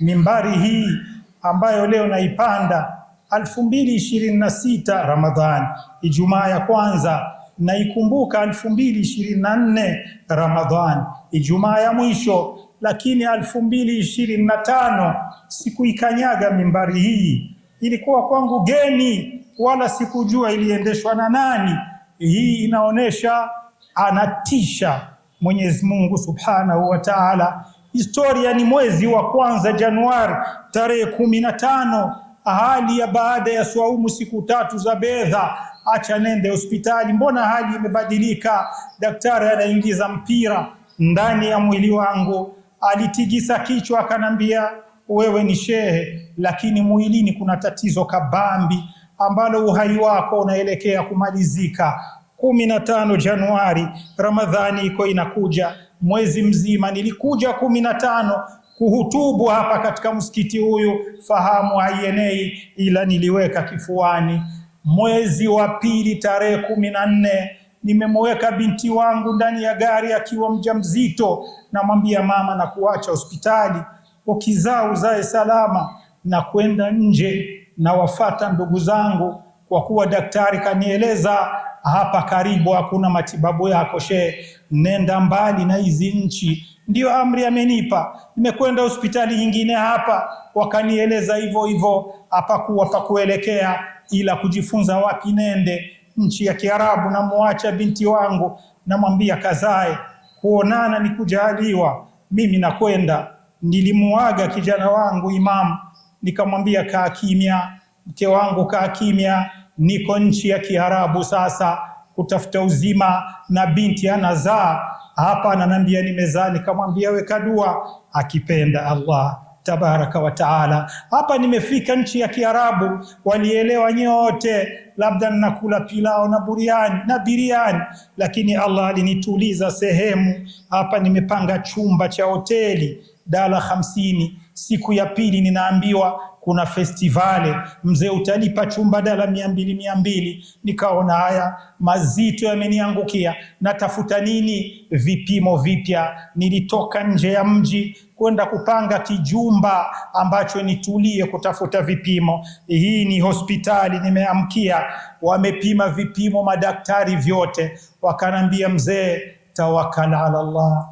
mimbari hii ambayo leo naipanda 2026 mbili ishirini na sita Ramadhani, Ijumaa ya kwanza naikumbuka 2024 mbili ishirini na nne Ramadhani, Ijumaa ya mwisho, lakini 2025 mbili ishirini na tano sikuikanyaga mimbari hii. Ilikuwa kwangu geni, wala sikujua iliendeshwa na nani. Hii inaonyesha anatisha Mwenyezi Mungu Subhanahu wa Ta'ala Historia ni mwezi wa kwanza Januari tarehe kumi na tano hali ya baada ya swaumu siku tatu za bedha, acha nende hospitali, mbona hali imebadilika? Daktari anaingiza mpira ndani ya mwili wangu. Alitigisa kichwa akanambia, wewe ni shehe, lakini mwilini kuna tatizo kabambi ambalo uhai wako unaelekea kumalizika. kumi na tano Januari, Ramadhani iko inakuja mwezi mzima, nilikuja kumi na tano kuhutubu hapa katika msikiti huyu, fahamu haienei, ila niliweka kifuani. Mwezi wa pili tarehe kumi na nne nimemweka binti wangu ndani ya gari akiwa mjamzito, namwambia mama, na kuacha hospitali ukizaa uzae salama, na kwenda nje, nawafata ndugu zangu, kwa kuwa daktari kanieleza hapa karibu hakuna matibabu yako she, nenda mbali na hizi nchi. ndio amri amenipa. Nimekwenda hospitali nyingine hapa, wakanieleza hivyo hivyo, hapakuwa pa kuelekea ila kujifunza wapi nende. Nchi ya Kiarabu, namuacha binti wangu, namwambia kazae, kuonana ni kujaliwa, mimi nakwenda. Nilimuaga kijana wangu imam nikamwambia kaa kimya, mke wangu kaa kimya niko nchi ya Kiarabu sasa kutafuta uzima, na binti anazaa hapa, ananiambia nimezaa. Nikamwambia weka dua, akipenda Allah tabaraka wa taala. Hapa nimefika nchi ya Kiarabu, walielewa nyote, labda nakula pilao na buriani na biriani, lakini Allah alinituliza sehemu hapa. Nimepanga chumba cha hoteli dala hamsini. Siku ya pili ninaambiwa kuna festivale, mzee, utalipa chumba dala mia mbili mia mbili. Nikaona haya mazito yameniangukia, natafuta nini? Vipimo vipya. Nilitoka nje ya mji kwenda kupanga kijumba ambacho nitulie kutafuta vipimo. Hii ni hospitali nimeamkia, wamepima vipimo madaktari vyote, wakanambia mzee, tawakal ala Allah,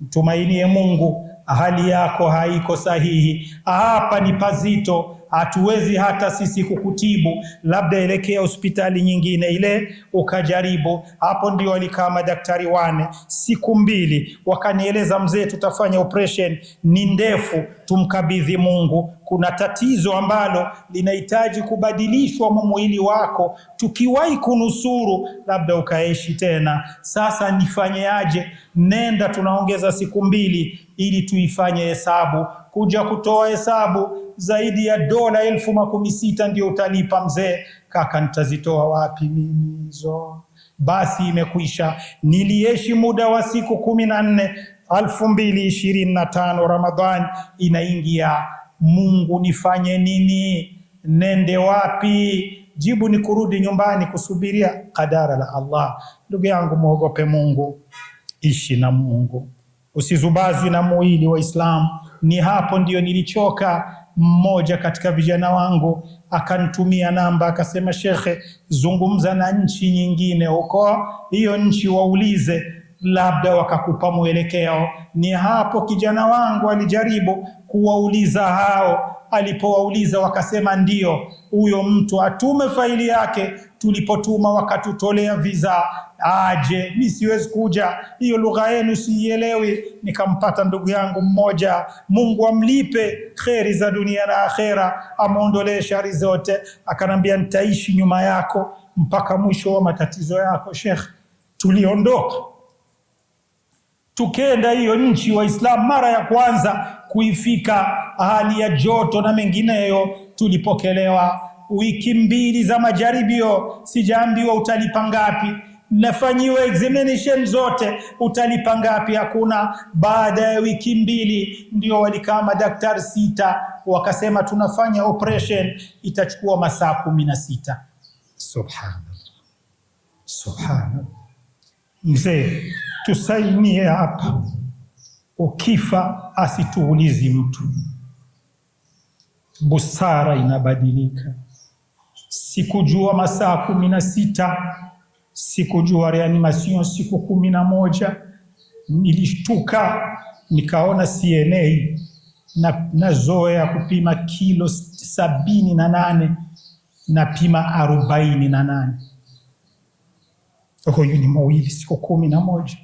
mtumainie Mungu hali yako haiko sahihi, hapa ni pazito hatuwezi hata sisi kukutibu, labda elekea hospitali nyingine ile ukajaribu. Hapo ndio walikaa madaktari wane siku mbili, wakanieleza mzee, tutafanya operation ni ndefu, tumkabidhi Mungu. Kuna tatizo ambalo linahitaji kubadilishwa mwili wako, tukiwahi kunusuru labda ukaishi tena. Sasa nifanyeaje? Nenda, tunaongeza siku mbili ili tuifanye hesabu kuja kutoa hesabu zaidi ya dola elfu makumi sita ndio utalipa mzee. Kaka, nitazitoa wapi mimi hizo? Basi imekwisha, nilieshi muda wa siku kumi na nne. Alfu mbili ishirini na tano Ramadhani inaingia. Mungu nifanye nini? Nende wapi? Jibu ni kurudi nyumbani, kusubiria kadara la Allah. Ndugu yangu, mwogope Mungu, ishi na Mungu, usizubazi na muili wa Islamu ni hapo ndiyo nilichoka. Mmoja katika vijana wangu akanitumia namba, akasema, shekhe, zungumza na nchi nyingine huko, hiyo nchi waulize labda wakakupa mwelekeo. Ni hapo kijana wangu alijaribu kuwauliza hao, alipowauliza wakasema, ndio huyo mtu atume faili yake tulipotuma wakatutolea viza aje, mi siwezi kuja, hiyo lugha yenu siielewi. Nikampata ndugu yangu mmoja, Mungu amlipe kheri za dunia na akhera, amondolee shari zote. Akanambia nitaishi nyuma yako mpaka mwisho wa matatizo yako, Shekh. Tuliondoka tukenda hiyo nchi, Waislamu mara ya kwanza kuifika hali ya joto na mengineyo, tulipokelewa wiki mbili za majaribio, sijaambiwa utalipa ngapi, nafanyiwa examination zote, utalipa ngapi? Hakuna. Baada ya wiki mbili ndio walikaa madaktari sita wakasema tunafanya operation, itachukua masaa kumi na sita. Subhanallah, subhanallah. Mzee tusainie hapa, ukifa asituulizi mtu, busara inabadilika sikujua masaa kumi na sita, sikujua reanimation siku kumi na moja. Nilishtuka nikaona CNA na nazoea kupima kilo sabini na nane napima arobaini na nane Huyu ni mwili siku kumi na moja.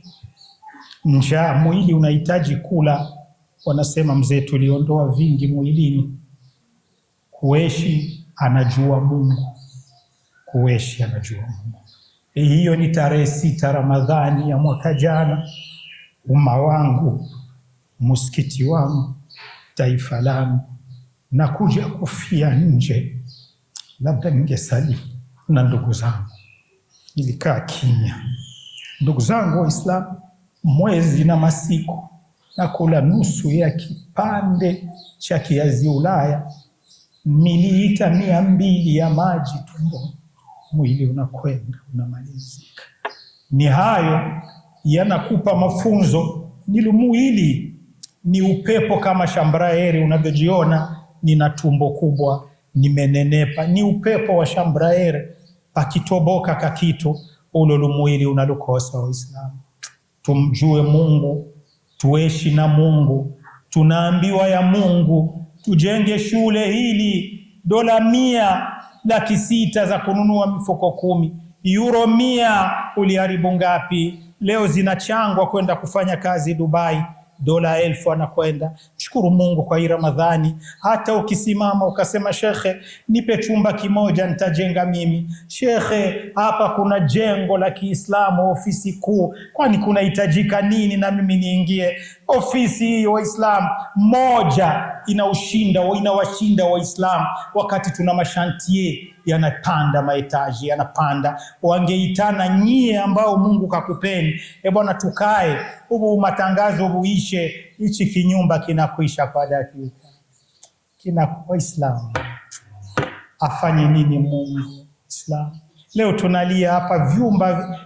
Njaa, mwili unahitaji kula. Wanasema mzee tuliondoa vingi mwilini, kueshi anajua Mungu Kuwaishi anajua Mungu. Hiyo ni tarehe sita Ramadhani ya mwaka jana. Umma wangu, msikiti wangu, taifa langu, nakuja kufia nje. Labda ningesali na ndugu zangu, nilikaa kimya. Ndugu zangu Waislamu, mwezi na masiku nakula nusu ya kipande cha kiazi Ulaya, miliita mia mbili ya maji tumboni mwili unakwenda unamalizika. Ni hayo yanakupa mafunzo. ni mwili ni upepo kama shambraeri unavyojiona, nina tumbo kubwa, nimenenepa, ni upepo wa shambraeri. Pakitoboka kakitu ulo lumwili unalukosa. Waislamu, tumjue Mungu, tuishi na Mungu, tunaambiwa ya Mungu, tujenge shule hili dola mia laki sita za kununua mifuko kumi. Euro mia uliharibu ngapi? Leo zinachangwa kwenda kufanya kazi Dubai, dola elfu anakwenda. Mshukuru Mungu kwa hii Ramadhani. Hata ukisimama ukasema, shekhe, nipe chumba kimoja nitajenga mimi. Shekhe, hapa kuna jengo la Kiislamu, ofisi kuu, kwani kunahitajika nini na mimi niingie? Ofisi hii Waislamu moja inaushinda inawashinda Waislamu, wakati tuna mashantie yanapanda maetaji yanapanda, wangeitana nyie ambao Mungu kakupeni, e bwana, tukae hubu matangazo buishe hichi kinyumba kinakuisha kwa dakika kina. Waislamu afanye nini Mungu? Islam. leo tunalia hapa vyumba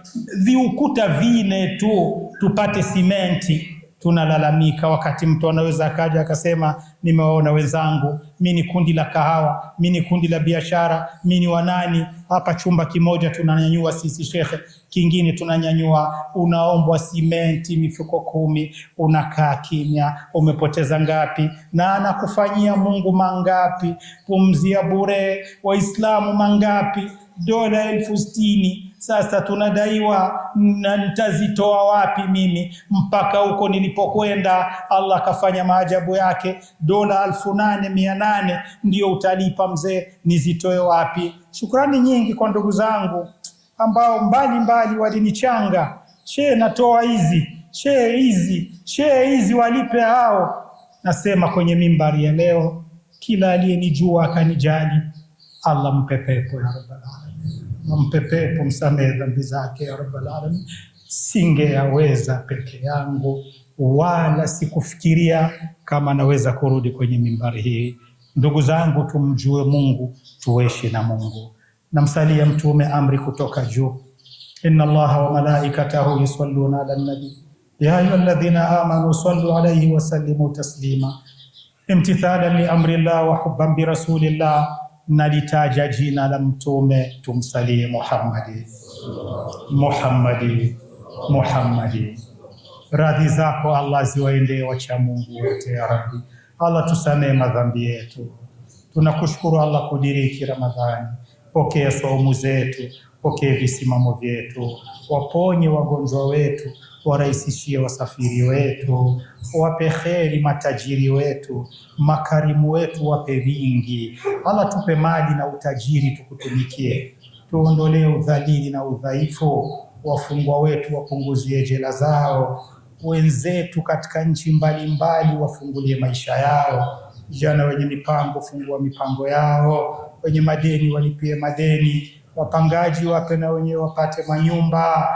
viukuta vine tu tupate simenti tunalalamika wakati mtu anaweza akaja akasema, nimewaona wenzangu, mi ni kundi la kahawa, mi ni kundi la biashara, mi ni wanani. Hapa chumba kimoja tunanyanyua sisi shekhe, kingine tunanyanyua. Unaombwa simenti mifuko kumi, unakaa kimya. Umepoteza ngapi? Na anakufanyia Mungu mangapi? Pumzia bure, Waislamu mangapi? Dola elfu sitini sasa tunadaiwa na nitazitoa wapi mimi? Mpaka huko nilipokwenda, Allah akafanya maajabu yake. Dola alfu nane mia nane ndio utalipa mzee, nizitoe wapi? Shukrani nyingi kwa ndugu zangu ambao mbalimbali walinichanga, shee natoa hizi, shee hizi, shee hizi, walipe hao. Nasema kwenye mimbari ya leo, kila aliyenijua akanijali, Allah mpe pepo ya rabbal alamin. Mpepe msamehe dhambi zake ya rabbal alamin. Singeyaweza peke yangu, wala sikufikiria kama naweza kurudi kwenye mimbari hii. Ndugu zangu, tumjue Mungu, tuishi na Mungu. Namsalia Mtume amri kutoka juu, inna Allaha wa malaikatahu yusalluna ala nabi ya ayuha alladhina amanu sallu alayhi wa sallimu taslima imtithalan li amri llah wa hubban bi rasulillah nalitaja jina la mtume tumsalie Muhammadi, Muhammadi, Muhammadi. Radhi zako Allah ziwaendee wacha Mungu wote ya Rabbi. Allah tusamee madhambi yetu. Tunakushukuru Allah kudiriki Ramadhani, pokea saumu zetu, pokea visimamo vyetu, waponye wagonjwa wetu warahisishie wasafiri wetu, wape kheri matajiri wetu, makarimu wetu wape vingi. Allah, tupe mali na utajiri tukutumikie, tuondolee udhalili na udhaifu. Wafungwa wetu wapunguzie jela zao, wenzetu katika nchi mbalimbali wafungulie maisha yao. Vijana wenye mipango, fungua mipango yao, wenye madeni walipie madeni, wapangaji wape na wenyewe wapate manyumba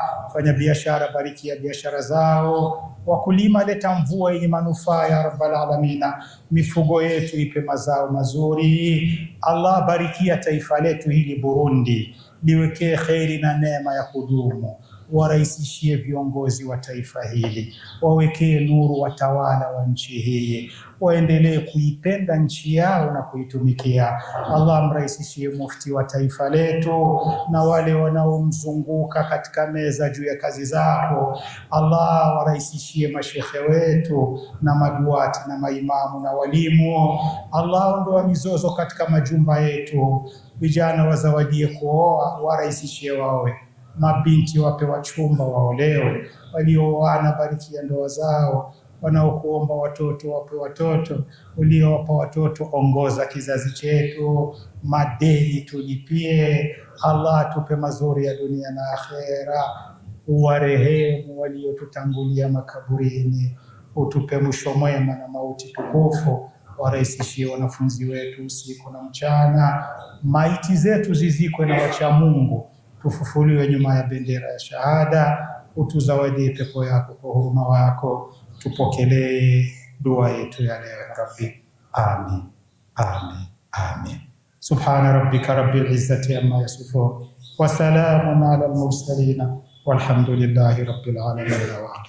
biashara barikia biashara zao, wakulima leta mvua yenye manufaa ya rabbal alamina, mifugo yetu ipe mazao mazuri. Allah barikia taifa letu hili Burundi, liwekee kheri na neema ya kudumu warahisishie viongozi wa taifa hili, wawekee nuru watawala wa nchi hii, waendelee kuipenda nchi yao na kuitumikia. Allah amrahisishie mufti wa taifa letu na wale wanaomzunguka katika meza juu ya kazi zako. Allah warahisishie mashehe wetu na maduati na maimamu na walimu. Allah ondoa mizozo katika majumba yetu, vijana wazawadie kuoa, warahisishie wawe mabinti wape wachumba waolewe, walioana barikia ndoa zao, wanaokuomba watoto wape watoto, uliowapa watoto ongoza kizazi chetu, madeni tulipie. Allah tupe mazuri ya dunia na akhera, uwarehemu waliotutangulia makaburini, utupe mwisho mwema na mauti tukufu, warahisishie wanafunzi wetu usiku na mchana, maiti zetu zizikwe na wacha Mungu tufufuliwe nyuma ya bendera ya shahada, utuzawadie pepo yako kwa huruma wako. Tupokelee dua yetu ya leo Rabbi. Amin, amin, amin. Subhana rabbika rabbil izzati amma yasifun wa salamun ala al-mursalin walhamdulillahi rabbil alamin.